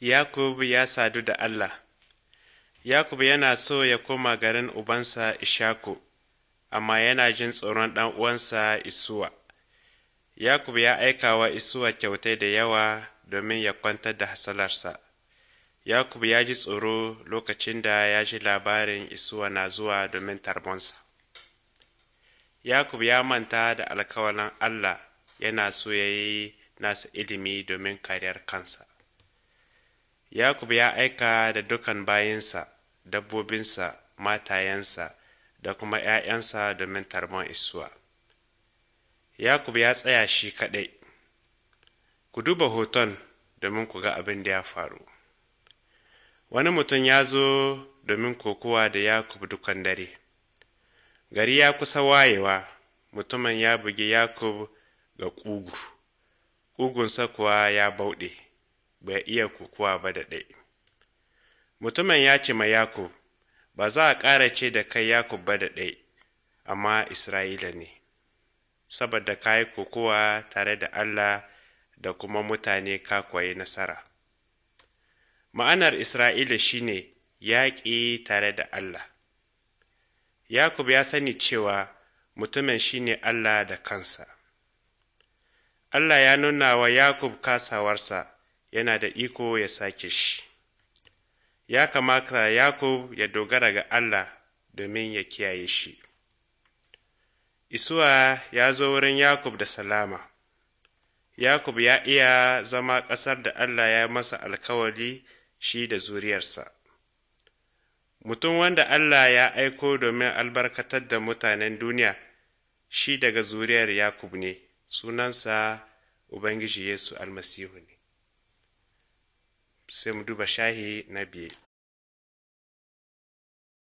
Yakubu ya sadu da Allah Yakubu yana so ya koma garin ubansa Ishaku, amma yana jin tsoron ɗan uwansa Isuwa. Yakubu ya aika wa Isuwa kyautai da yawa domin ya kwantar da hasalarsa. Yakubu ya ji tsoro lokacin da ya ji labarin Isuwa na zuwa domin tarbonsa. Yakubu ya manta da alkawalin Allah yana so ya yi nasa ilimi domin kariyar kansa. Yakub ya aika da dukan bayinsa, dabbobinsa, matayensa, da kuma ‘ya'yansa domin tarban isuwa. Yakub ya tsaya shi kaɗai. Ku duba hoton domin ku ga abin da ya faru. Wani mutum ya zo domin kokowa da Yakub dukan dare. Gari ya kusa wayewa, mutumin ya bugi Yakub ga ƙugu, ƙugunsa kuwa ya bauɗe. bai iya kukuwa ba da ɗai. Mutumin ya ce ma Yakub, ba za a ƙara ce da kai Yakub ba da ɗai, amma Isra'ila ne, saboda ka yi kukuwa tare da Allah da kuma mutane ka nasara. Ma'anar Isra'ila shi ne yaƙi tare da Allah. Yakub ya sani cewa mutumin shi ne Allah da kansa. Allah ya nuna wa Yakub kasawarsa. yana da iko ya sake shi ya kamata yakub ya dogara ga allah domin ya kiyaye shi isuwa ya zo wurin yakub da salama yakub ya iya zama ƙasar da allah ya masa alkawari shi da zuriyarsa mutum wanda allah ya aiko domin albarkatar da mutanen duniya shi daga zuriyar yakub ne sunansa ubangiji yesu almasihu ne sai mu duba shahi na biye